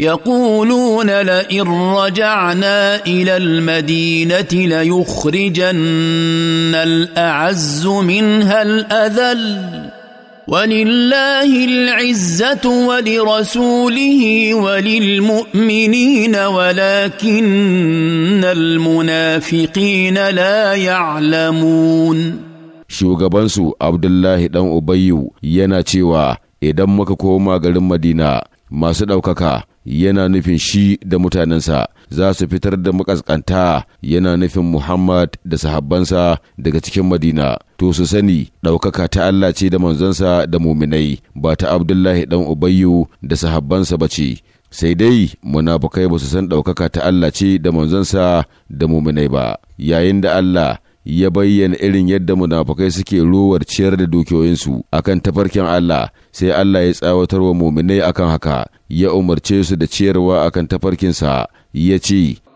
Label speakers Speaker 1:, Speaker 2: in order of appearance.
Speaker 1: يقولون لئن رجعنا الى المدينه ليخرجن الاعز منها الاذل ولله العزه ولرسوله وللمؤمنين ولكن المنافقين لا يعلمون
Speaker 2: shugabansu abdullahi dan ubayyu yana cewa idan muka koma garin madina masu ɗaukaka yana nufin shi da mutanensa za su fitar da makaskanta yana nufin Muhammad da sahabbansa daga cikin Madina to su sani ɗaukaka ta Allah ce da manzansa da muminai ba ta Abdullahi ɗan Ubayyu da sahabbansa ba ce sai dai munafukai ba su san ɗaukaka ta Allah ce da manzansa da muminai ba yayin da Allah ya bayyana irin yadda munafukai suke rowar ciyar da dukiyoyinsu akan tafarkin Allah sai Allah ya tsawatar wa muminai akan haka ya umarce su da ciyarwa akan tafarkinsa ya ce